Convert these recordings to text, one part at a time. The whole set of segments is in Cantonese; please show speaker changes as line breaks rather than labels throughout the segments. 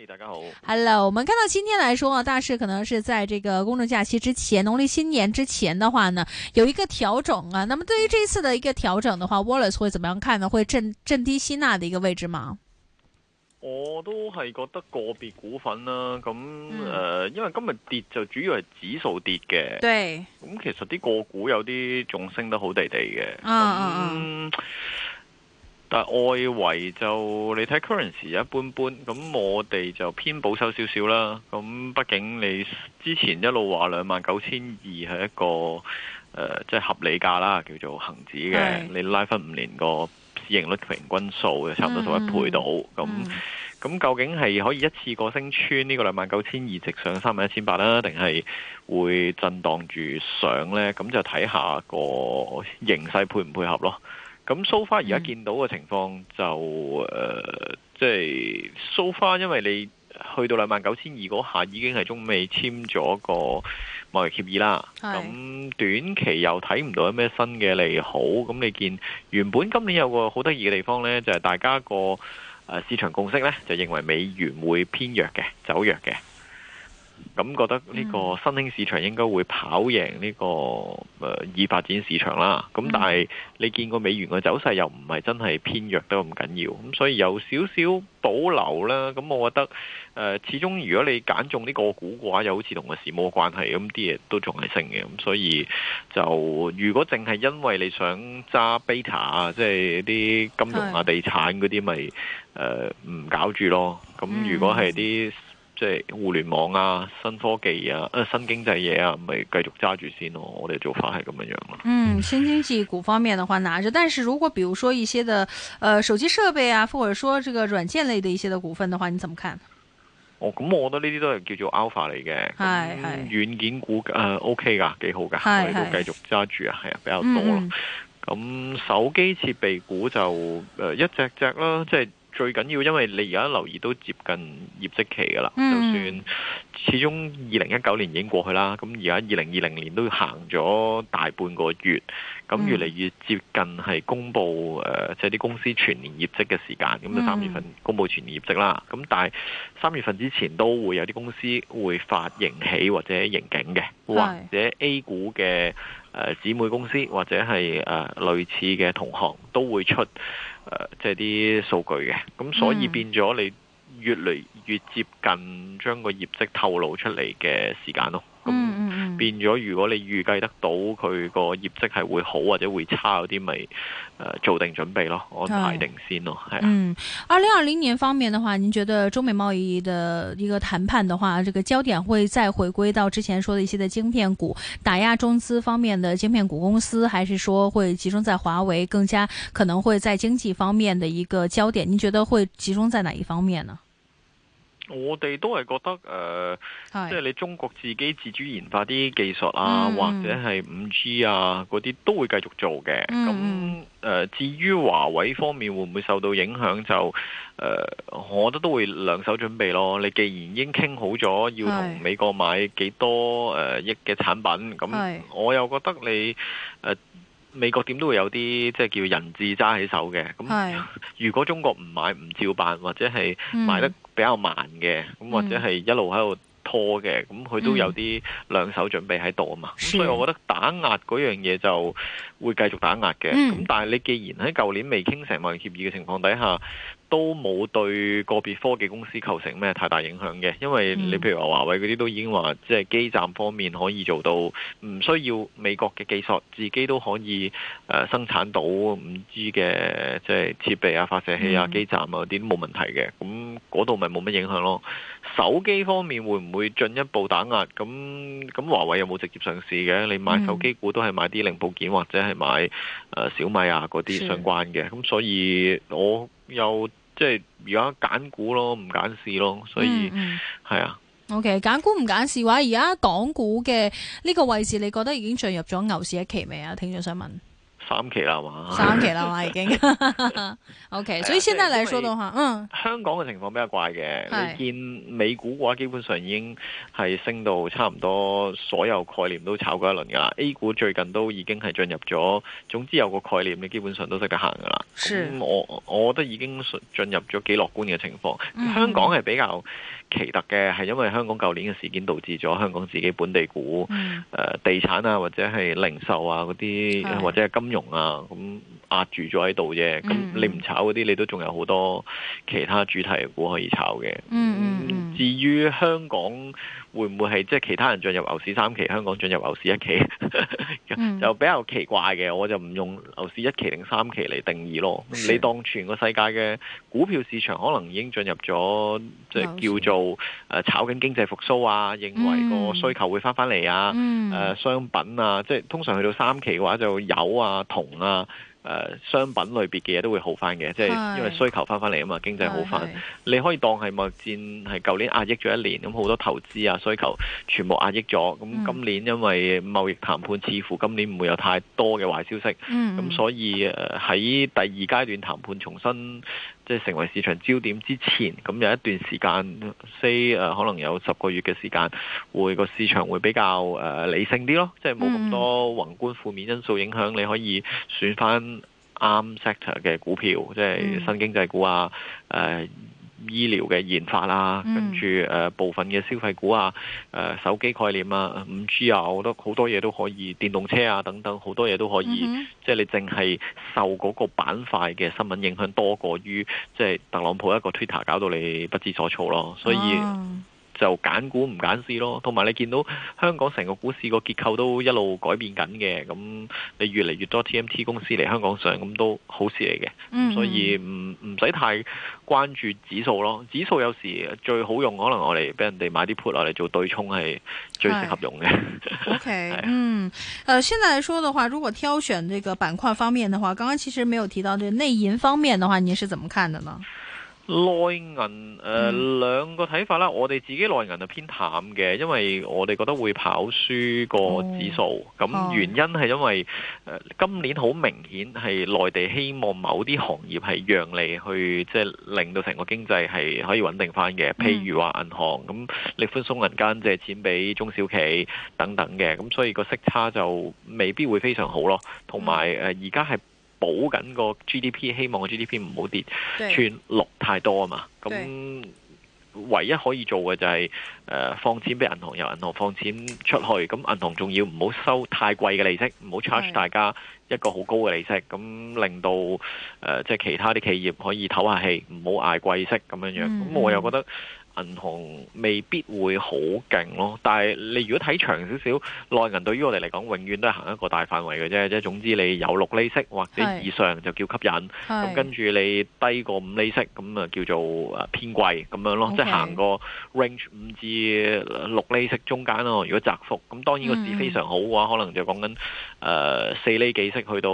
Hey, 大家好，Hello，我們看到今天來說啊，大市可能是在這個公眾假期之前，農曆新年之前的話呢，有一個調整啊。那麼對於這一次的一個調整的話，Wallace 會怎麼樣看呢？會震震低吸納的一個位置嗎？
我都係覺得個別股份啦、啊，咁誒、嗯呃，因為今日跌就主要係指數跌嘅，對，咁、嗯、其實啲個股有啲仲升得好地地嘅、啊，
嗯。啊
但外圍就你睇 currency 一般般，咁我哋就偏保守少少啦。咁畢竟你之前一路話兩萬九千二係一個即係、呃就是、合理價啦，叫做恒指嘅。你拉翻五年、個市盈率平均數，就差唔多十一倍到。咁、嗯、咁、嗯、究竟係可以一次過升穿呢個兩萬九千二，直上三萬一千八啦，定係會震蕩住上呢？咁就睇下個形勢配唔配合咯。咁、嗯呃 so far 而家見到嘅情況就誒，即係 so far 因為你去到兩萬九千二嗰下已經係中美簽咗個貿易協議啦。咁短期又睇唔到有咩新嘅利好，咁你見原本今年有個好得意嘅地方咧，就係、是、大家個、呃、市場共識咧，就認為美元會偏弱嘅，走弱嘅。咁、嗯、覺得呢個新興市場應該會跑贏呢、這個誒已、呃、發展市場啦。咁、嗯嗯、但係你見個美元嘅走勢又唔係真係偏弱得咁緊要，咁所以有少少保留啦。咁我覺得誒、呃、始終如果你揀中呢個股嘅話，又好似同個市冇關係，咁啲嘢都仲係升嘅。咁所以就如果淨係因為你想揸 beta 啊，即係啲金融啊、地產嗰啲，咪、呃、唔搞住咯。咁、嗯嗯、如果係啲……即係互聯網啊、新科技啊、誒、啊、新經濟嘢啊，咪繼續揸住先咯。我哋做法係咁樣樣咯。嗯，
新經濟股方面嘅話拿着，但是如果比如說一些嘅誒、呃、手機設備啊，或者說這個軟件類的一些嘅股份的話，你怎麼看？
哦，咁、嗯、我覺得呢啲都係叫做 alpha 嚟嘅，係係軟件股誒、呃、OK 噶幾好噶我哋都繼續揸住啊，係啊，比較多咯。咁、嗯、手機設備股就誒、呃、一隻隻啦，即係。最緊要，因為你而家留意都接近業績期㗎啦、嗯。就算始終二零一九年已經過去啦，咁而家二零二零年都行咗大半個月，咁、嗯、越嚟越接近係公佈誒，即係啲公司全年業績嘅時間。咁就三月份公佈全年業績啦。咁、嗯、但係三月份之前都會有啲公司會發盈喜或者盈警嘅，或者 A 股嘅姊、呃、妹公司或者係誒、呃、類似嘅同行都會出。呃，即係啲數據嘅，咁所以變咗你越嚟越接近將個業績透露出嚟嘅時間咯，咁。變咗，如果你預計得到佢個業績係會好或者會差嗰啲，咪做定準備咯，我排定先咯，係啊。嗯，
二零二零年方面的話，您覺得中美貿易的一個談判的話，這個焦點會再回歸到之前說的一些的晶片股打壓中資方面的晶片股公司，還是說會集中在華為，更加可能會在經濟方面的一個焦點，您覺得會集中在哪一方面呢？
我哋都係覺得誒、呃，即係你中國自己自主研發啲技術啊，嗯、或者係五 G 啊嗰啲都會繼續做嘅。咁、嗯、誒、呃，至於華為方面會唔會受到影響，就誒、呃，我覺得都會兩手準備咯。你既然已經傾好咗要同美國買幾多誒、呃、億嘅產品，咁我又覺得你誒、呃，美國點都會有啲即係叫人質揸喺手嘅。咁、嗯、 如果中國唔買唔照辦，或者係買得。比較慢嘅咁，或者係一路喺度拖嘅，咁、嗯、佢都有啲兩手準備喺度啊嘛，嗯、所以我覺得打壓嗰樣嘢就會繼續打壓嘅。咁、嗯、但係你既然喺舊年未傾成貿易協議嘅情況底下，都冇對個別科技公司構成咩太大影響嘅，因為你譬如話華為嗰啲都已經話，即係基站方面可以做到唔需要美國嘅技術，自己都可以誒生產到五 G 嘅即係設備啊、發射器啊、基站啊嗰啲冇問題嘅。咁嗰度咪冇乜影響咯。手機方面會唔會進一步打壓？咁咁華為有冇直接上市嘅？你買手機股都係買啲零部件或者係買誒小米啊嗰啲相關嘅。咁所以我。又即係而家揀股咯，唔揀市咯，所以係、嗯、啊。
O K，揀股唔揀市話，而家港股嘅呢個位置，你覺得已經進入咗牛市一期未啊？聽咗想問。
三期啦嘛，三期啦
嘛已經 ，OK。所以現在來說的話，嗯，
香港嘅情況比較怪嘅。你見美股嘅話，基本上已經係升到差唔多，所有概念都炒過一輪噶啦。A 股最近都已經係進入咗，總之有個概念，你基本上都識得行噶啦。咁我我覺得已經進進入咗幾樂觀嘅情況。香港係比較。嗯奇特嘅係，因為香港舊年嘅事件導致咗香港自己本地股，誒、嗯呃、地產啊，或者係零售啊嗰啲，或者係金融啊，咁壓住咗喺度啫。咁、嗯、你唔炒嗰啲，你都仲有好多其他主題的股可以炒嘅。嗯，嗯，嗯、至於香港會唔會係即係其他人進入牛市三期，香港進入牛市一期， 就比較奇怪嘅。我就唔用牛市一期定三期嚟定義咯。的你當全個世界嘅股票市場可能已經進入咗即係叫做。啊、炒緊經濟復甦啊，認為個需求會翻翻嚟啊，商品啊，即係通常去到三期嘅話，就油啊、銅啊、啊商品類別嘅嘢都會好翻嘅，即係因為需求翻翻嚟啊嘛，經濟好翻，你可以當係貿易戰係舊年壓抑咗一年，咁好多投資啊、需求全部壓抑咗，咁今年因為貿易談判似乎今年唔會有太多嘅壞消息，咁、嗯、所以誒喺第二階段談判重新，即係成為市場焦點之前，咁有一段時間，say、呃、可能有十個月嘅時間，會個市場會比較、呃、理性啲咯，即係冇咁多宏觀負面因素影響，你可以選翻啱 sector 嘅股票，即係新經濟股啊，呃醫療嘅研發啦，跟住誒部分嘅消費股啊，誒、呃、手機概念啊，五 G 啊，好多好多嘢都可以，電動車啊等等，好多嘢都可以，即、嗯、係、就是、你淨係受嗰個板塊嘅新聞影響多過於即係特朗普一個 Twitter 搞到你不知所措咯，所以。哦就揀股唔揀市咯，同埋你見到香港成個股市個結構都一路改變緊嘅，咁你越嚟越多 TMT 公司嚟香港上，咁都好事嚟嘅、嗯。所以唔唔使太關注指數咯，指數有時最好用可能我哋俾人哋買啲 put 落嚟做對沖係最適合用嘅。哎、
o、okay, K，、啊、嗯，呃，現在來說的話，如果挑選這個板塊方面的話，剛剛其實沒有提到這內銀方面的話，您是怎麼看的呢？
內銀誒、呃嗯、兩個睇法啦，我哋自己內銀就偏淡嘅，因為我哋覺得會跑輸個指數。咁、嗯、原因係因為、呃、今年好明顯係內地希望某啲行業係讓利去，即、就、係、是、令到成個經濟係可以穩定翻嘅。譬、嗯、如話銀行咁，你寬鬆銀間借錢俾中小企等等嘅，咁所以個息差就未必會非常好咯。同埋而家係，呃保緊個 GDP，希望個 GDP 唔好跌穿六太多啊嘛。咁唯一可以做嘅就係、是呃、放錢俾銀行，由銀行放錢出去。咁銀行仲要唔好收太貴嘅利息，唔好 charge 大家一個好高嘅利息，咁令到即係、呃就是、其他啲企業可以唞下氣，唔好挨貴息咁樣樣。咁、嗯、我又覺得。銀行未必會好勁咯，但係你如果睇長少少，內銀對於我哋嚟講，永遠都係行一個大範圍嘅啫。即係總之，你有六厘息或者以上就叫吸引，咁跟住你低過五厘息，咁啊叫做偏貴咁樣咯。Okay. 即係行個 range 五至六厘息中間咯。如果窄幅，咁當然個市非常好嘅話，嗯，可能就講緊誒四厘幾息，去到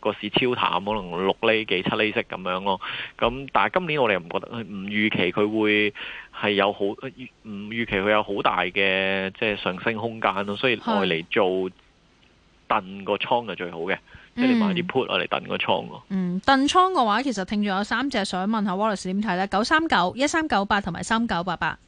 個市超淡，可能六厘幾七厘息咁樣咯。咁但係今年我哋又唔覺得唔預期佢會。係有好預，唔預期佢有好大嘅即係上升空間咯，所以攞嚟做燉個倉係最好嘅，即你買啲 put 嚟燉個倉咯。嗯，
燉倉嘅話，其實聽住有三隻想問下 Wallace 點睇咧？九三九、一三九八同埋三九八八。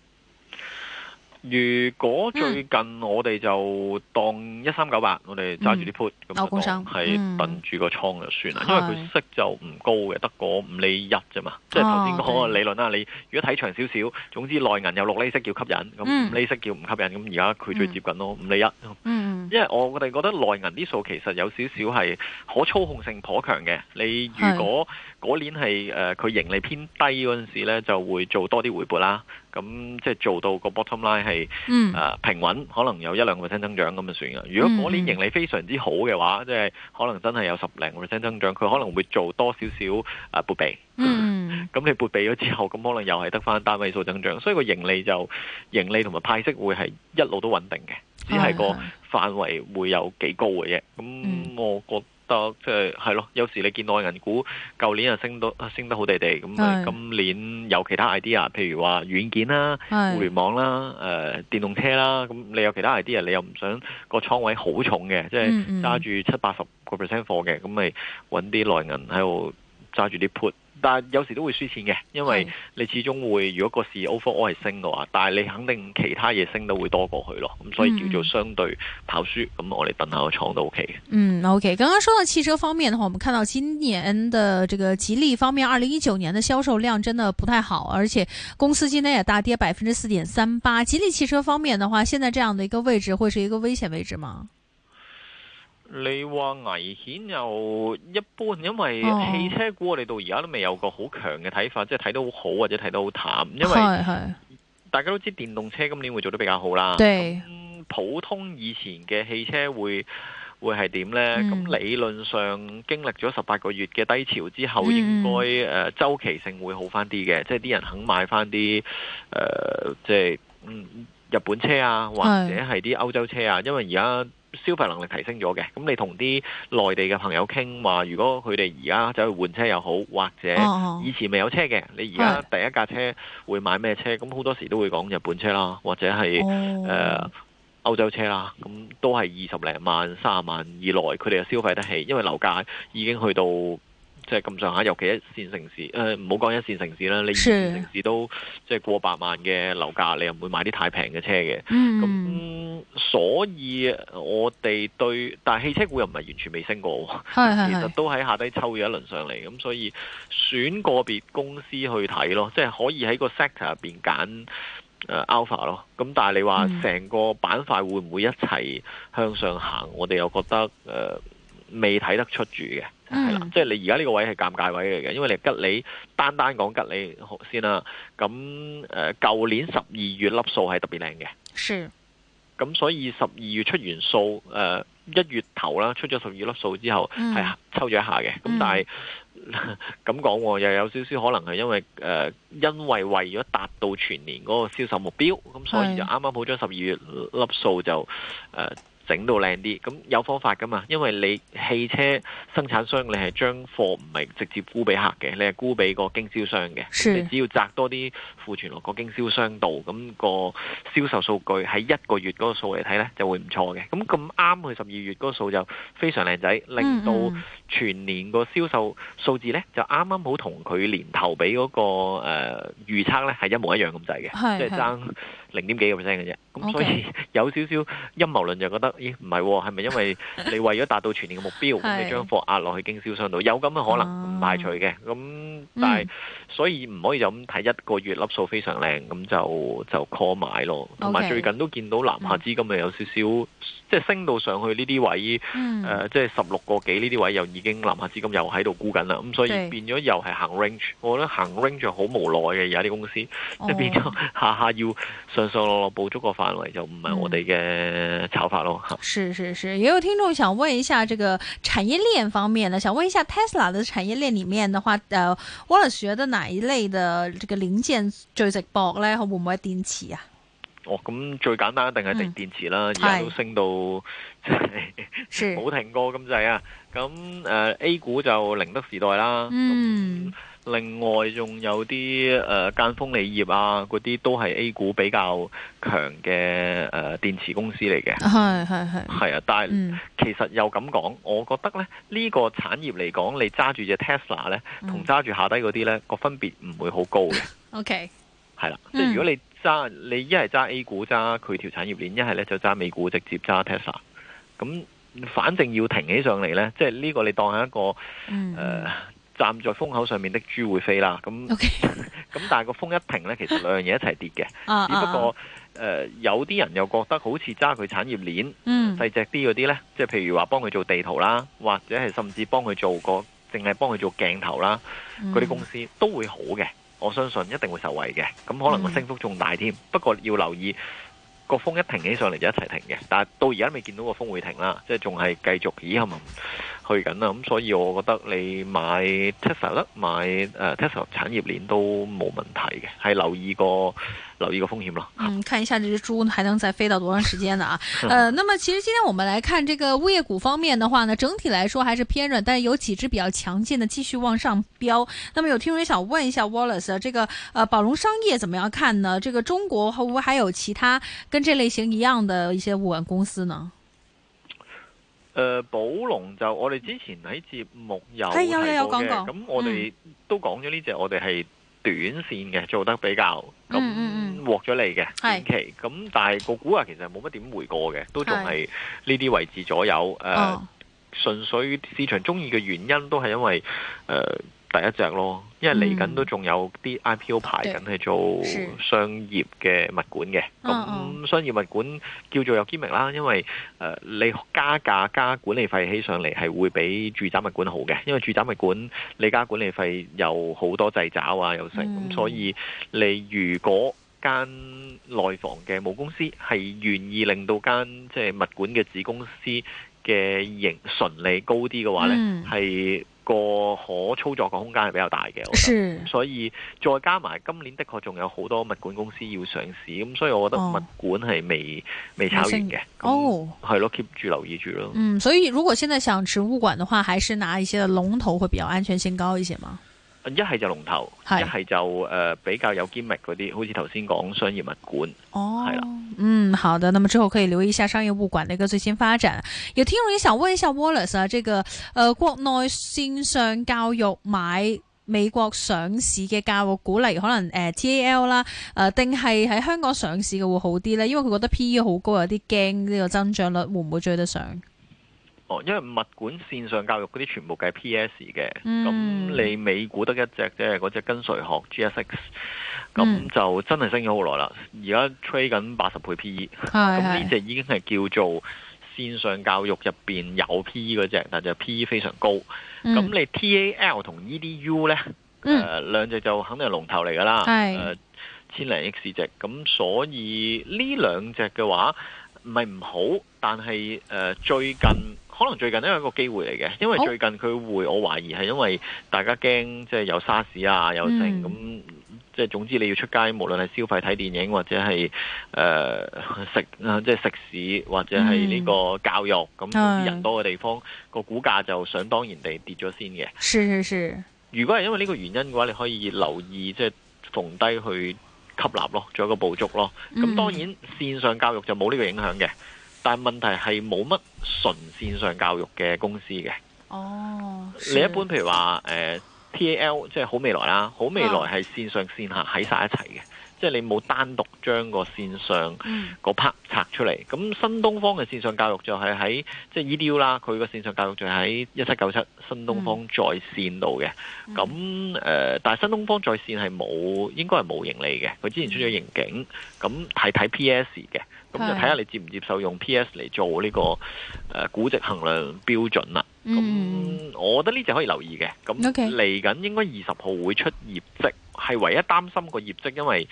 如果最近我哋就當一、嗯、三九八，我哋揸住啲 put，咁、嗯、就當係掟住個倉就算啦、嗯。因為佢息就唔高嘅，得個五厘一啫嘛。即係頭先講嘅理論啦、嗯。你如果睇長少少、嗯，總之內銀有六厘息叫吸引，咁五厘息叫唔吸引。咁而家佢最接近咯，五厘一。因為我我哋覺得內銀啲數其實有少少係可操控性頗強嘅。你如果嗰年係誒佢盈利偏低嗰陣時咧，就會做多啲回撥啦。咁即係做到個 bottom line 係誒平穩，可能有一兩個 percent 增長咁就算啦。如果嗰年盈利非常之好嘅話，即係可能真係有十零個 percent 增長，佢可能會做多少少啊撥備。嗯，咁你撥備咗之後，咁可能又係得返單位數增長，所以個盈利就盈利同埋派息會係一路都穩定嘅，只係個範圍會有幾高嘅啫。咁我覺。即係係咯，有時你見內銀股舊年又升到升得好地地，咁咪今年有其他 idea，譬如話軟件啦、互聯網啦、誒電動車啦，咁你有其他 idea，你又唔想個倉位好重嘅，即係揸住七八十個 percent 貨嘅，咁咪揾啲內銀喺度揸住啲 put。但有時都會輸錢嘅，因為你始終會如果個市 over，我係升嘅話，但係你肯定其他嘢，升都會多過去咯，咁所以叫做相對跑輸。咁、嗯、我哋等下個廠都 O K 嗯，O K。
剛、okay、剛說到汽車方面嘅話，我們看到今年的這個吉利方面，二零一九年的銷售量真的不太好，而且公司今年也大跌百分之四點三八。吉利汽車方面嘅話，現在這樣的一個位置會是一個危險位置嗎？
你話危險又一般，因為汽車股我哋到而家都未有個好強嘅睇法，即係睇得好好或者睇得好淡，因為大家都知電動車今年會做得比較好啦。對普通以前嘅汽車會會係點呢？咁、嗯、理論上經歷咗十八個月嘅低潮之後，應該誒、嗯呃、週期性會好翻啲嘅，即係啲人肯買翻啲誒，即係嗯日本車啊，或者係啲歐洲車啊，因為而家。消費能力提升咗嘅，咁你同啲內地嘅朋友傾話，說如果佢哋而家走去換車又好，或者以前未有車嘅，你而家第一架車會買咩車？咁好多時都會講日本車啦，或者係誒、oh. 呃、歐洲車啦，咁都係二十零萬、三十萬以內，佢哋就消費得起，因為樓價已經去到。即係咁上下，尤其一線城市，誒唔好講一線城市啦，你二線城市都即係、就是、過百萬嘅樓價，你又唔會買啲太平嘅車嘅。咁、嗯、所以我哋對，但係汽車股又唔係完全未升過，是是是其實都喺下低抽咗一輪上嚟。咁所以選個別公司去睇咯，即係可以喺個 sector 入邊揀 alpha 咯。咁但係你話成個板塊會唔會一齊向上行？嗯、我哋又覺得誒。呃未睇得出住嘅，係啦、嗯，即係你而家呢個位係尷尬位嚟嘅，因為你吉利，單單講吉利先啦，咁誒，舊年十二月粒數係特別靚嘅，咁所以十二月出完數，誒一月頭啦，出咗十二粒數之後係、嗯、抽咗一下嘅，咁但係咁講又有少少可能係因為誒、呃、因為為咗達到全年嗰個銷售目標，咁所以就啱啱好將十二月粒數就誒。呃整到靚啲，咁有方法噶嘛？因為你汽車生產商，你將貨，你係將貨唔係直接沽俾客嘅，你係沽俾個經銷商嘅。你只要摘多啲庫存落個經銷商度，咁個銷售數據喺一個月嗰個數嚟睇呢，就會唔錯嘅。咁咁啱佢十二月嗰個數就非常靚仔，令到全年個銷售數字呢，嗯嗯就啱啱好同佢年頭俾嗰個預預測咧係一模一樣咁滯嘅，即係爭。就是零點幾個 percent 嘅啫，咁所以有少少陰謀論就覺得，咦唔係喎，係咪、哦、因為你為咗達到全年嘅目標， 嗯、你將貨壓落去經銷商度，有咁嘅可能唔排除嘅，咁但係。所以唔可以就咁睇一個月粒數非常靚，咁就就 call 埋咯。同、okay，埋最近都見到南下資金咪有少少，嗯、即係升到上去呢啲位，誒、嗯呃，即係十六個幾呢啲位又已經南下資金又喺度沽緊啦。咁、嗯、所以變咗又係行 range，我覺得行 range 好無奈嘅，而家啲公司、哦、即係變咗下下要上上落落捕，捕捉個範圍，嗯、就唔係我哋嘅炒法咯。嚇！
係係係，也有聽眾想問一下，這個產業鏈方面呢？想問一下 Tesla 嘅產業鏈裡面的話，誒、呃，我覺得大類嘅嘅領先最值博咧，可會唔會係電池啊？
哦，咁最簡單一定係定電池啦，而、嗯、家都升到，係冇 停過咁滯啊！咁誒、呃、，A 股就寧德時代啦。嗯。另外仲有啲誒、呃、贛鋒鋰業啊，嗰啲都係 A 股比較強嘅誒、呃、電池公司嚟嘅。係係係係啊！但係、嗯、其實又咁講，我覺得咧呢、呢個產業嚟講，你揸住隻 Tesla 咧，同揸住下低嗰啲咧個分別唔會好高嘅。 OK，係啦， 即係如果你揸你一係揸 A 股揸佢條產業鏈，一係咧就揸美股直接揸 Tesla。咁反正要停起上嚟咧，即係呢個你當係一個誒。嗯呃站在風口上面的豬會飛啦，咁咁、okay. 但係個風一停呢，其實兩樣嘢一齊跌嘅，uh, uh, 只不過誒、uh, 呃、有啲人又覺得好似揸佢產業鏈細隻啲嗰啲呢，即、嗯、係譬如話幫佢做地圖啦，或者係甚至幫佢做個淨係幫佢做鏡頭啦嗰啲公司都會好嘅，我相信一定會受惠嘅，咁可能個升幅仲大添、嗯，不過要留意個風一停起上嚟就一齊停嘅，但係到而家未見到個風會停啦，即係仲係繼續，咦係咪？嗯嗯去緊啦，咁所以我覺得你買 Tesla 啦，買誒 Tesla 產業鏈都冇問題嘅，係留意個留意個風險咯。嗯，
看一下這隻豬，還能再飛到多長時間呢？啊， 呃，那麼其實今天我們來看這個物業股方面的話呢，整體來說還是偏軟，但有幾隻比較強健的繼續往上飆。那麼有聽眾想問一下 Wallace，這個呃寶龍商業怎麼樣看呢？這個中國會不會還有其他跟這類型一樣的一些物管公司呢？
誒、呃，寶龍就我哋之前喺節目有提到嘅，咁、哎、我哋都講咗呢隻，我哋係短線嘅做得比較，咁獲咗利嘅短期，咁但係個股呀其實冇乜點回過嘅，都仲係呢啲位置左右，誒，純、呃、粹、哦、市場中意嘅原因都係因為誒。呃第一隻咯，因為嚟緊都仲有啲 IPO 排緊，係做商業嘅物管嘅。咁商業物管叫做有 gimmick 啦，因為誒你加價加管理費起上嚟係會比住宅物管好嘅，因為住宅物管你加管理費有好多掣肘啊，又剩咁，所以你如果間內房嘅母公司係願意令到間即係物管嘅子公司嘅盈純利高啲嘅話咧，係。個可操作嘅空間係比較大嘅，我覺得，咁所以再加埋今年，的確仲有好多物管公司要上市，咁所以我覺得物管係未、哦、未炒完嘅，哦，係咯，keep 住留意住咯。嗯，
所以如果現在想持物管的話，還是拿一些嘅龍頭會比較安全性高一些嗎？
一係就龍頭，一係就誒、呃、比較有堅力嗰啲，好似頭先講商業物管，
係、oh, 啦，嗯，好的。那麼之後可以留意一下商業物管嘅一個最新發展。有聽眾想問一下 Wallace 啊，這個誒、呃、國內線上教育買美國上市嘅教育股，例如可能、呃、TAL 啦，誒定係喺香港上市嘅會好啲呢？因為佢覺得 PE 好高，有啲驚呢個增長率會唔會追得上？
哦，因為物管線上教育嗰啲全部計 P/S 嘅，
咁、嗯、你
美股得一隻啫，嗰隻跟隨學 G S X，咁就真係升咗好耐啦。而家吹緊八十倍 P，e 咁呢隻已經係叫做線上教育入面有 P 嗰隻，但係就 P 非常高。咁、嗯、你 T A L 同 E D U 呢，兩、嗯呃、兩隻就肯定係龍頭嚟㗎啦，千零 X 市值。咁所以呢兩隻嘅話唔係唔好，但係、呃、最近。可能最近都係一個機會嚟嘅，因為最近佢會，哦、我懷疑係因為大家驚即係有沙士啊，有症咁，即、嗯、係、就是、總之你要出街，無論係消費、睇電影或者係誒、呃、食即係、就是、食肆或者係呢個教育咁，嗯嗯、人多嘅地方個、嗯、股價就想當然地跌咗先嘅。是是是，如果係因為呢個原因嘅話，你可以留意即係、就是、逢低去吸納咯，做一個捕捉咯。咁、嗯、當然線上教育就冇呢個影響嘅。但問題係冇乜純線上教育嘅公司嘅。
哦，你一般
譬如話誒、呃、T A L，即係好未來啦，好未來係線上線下喺晒一齊嘅、哦，即係你冇單獨將個線上個 part 拆出嚟。咁、嗯、新東方嘅線上教育就係喺即係、就是、E D U 啦，佢個線上教育就喺一七九七新東方在線度嘅。咁、嗯、誒、呃，但係新東方在線係冇，應該係冇盈利嘅。佢之前出咗盈警，咁係睇 P S 嘅。咁就睇下你接唔接受用 P.S. 嚟做呢、個、誒、估值衡量標準啦、啊。咁、嗯，我覺得呢隻可以留意嘅。咁嚟緊應該二十號會出業績，係唯一擔心個業績，因為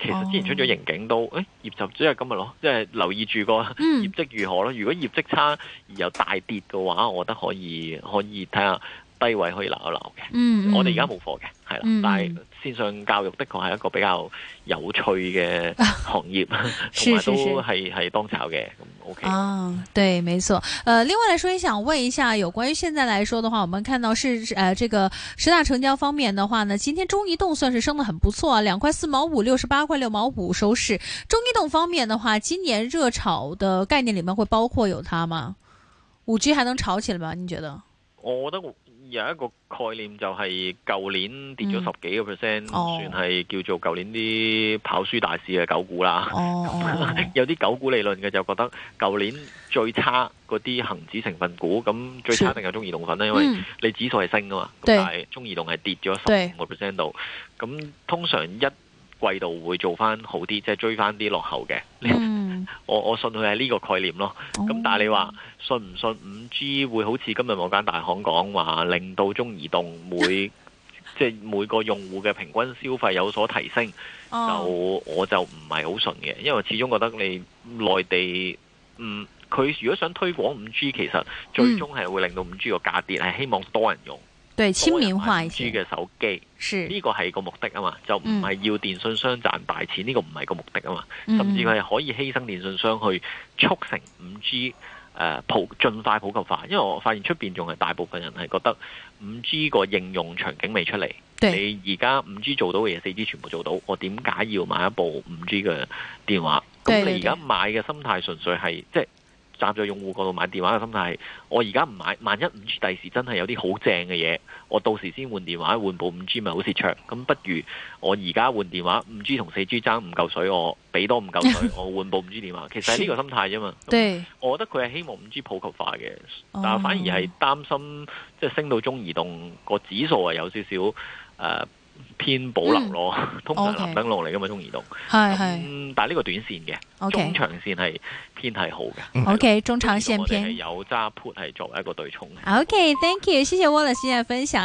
其實之前出咗盈警都，誒、oh. 欸業、就是、業績只係今日咯，即係留意住個業績如何咯、嗯。如果業績差而又大跌嘅話，我覺得可以可以睇下。低位可以留一留嘅，我哋而家冇貨嘅，係啦、嗯。但係線上教育的確係一個比較有趣嘅行業，同、啊、埋都係係當炒嘅，咁
OK 啊。對，沒錯。呃，另外來說，也想問一下，有關於現在來說的話，我們看到是誒、呃，這個十大成交方面的話呢，今天中移動算是升得很不錯、啊，兩塊四毛五，六十八塊六毛五收市。中移動方面的話，今年熱炒的概念裏面會包括有它嗎？五 G 還能炒起來嗎？你覺得？
我覺得有一個概念就係舊年跌咗十幾個 percent，算係叫做舊年啲跑輸大市嘅狗股啦。哦，有啲狗股理論嘅就覺得舊年最差嗰啲恒指成分股，咁最差一定係中移動份呢，因為你指數係升噶嘛，但係中移動係跌咗十五個 percent 度。咁通常一季度會做翻好啲，即係追翻啲落後嘅。我我信佢係呢個概念咯，咁但係你話信唔信五 G 會好似今日某間大行講話，令到中移動每 即係每個用戶嘅平均消費有所提升，就我就唔係好信嘅，因為始終覺得你內地嗯，佢如果想推廣五 G，其實最終係會令到五 G 個價跌，係希望多人用。
對，親民化一啲。五 G
嘅手機，呢、這個係個目的啊嘛，就唔係要電信商賺大錢，呢、嗯這個唔係個目的啊嘛。甚至佢係可以犧牲電信商去促成五 G，誒普，儘快普及化。因為我發現出邊仲係大部分人係覺得五 G 個應用場景未出嚟，你而家五 G 做到嘅嘢，四 G 全部做到，我點解要買一部五 G 嘅電話？咁、嗯、你而家買嘅心態純粹係即係。站在用戶嗰度買電話嘅心態，我而家唔買，萬一五 G 第時真係有啲好正嘅嘢，我到時先換電話，換部五 G 咪好蝕場。咁不如我而家換電話，五 G 同四 G 爭五嚿水，我俾多五嚿水， 我換部五 G 電話。其實係呢個心態啫嘛。 對，我覺得佢係希望五 G 普及化嘅，但係反而係擔心即係、就是、升到中移動個指數係有少少偏保留咯，通常藍燈籠嚟噶嘛，中移動。
係係，
但係呢個短線嘅，中長線係偏係好嘅。O K，
中長線偏
有揸 put 係作為一個對沖。
嘅、okay, O K，Thank you，謝謝 Wallace 先生嘅分享。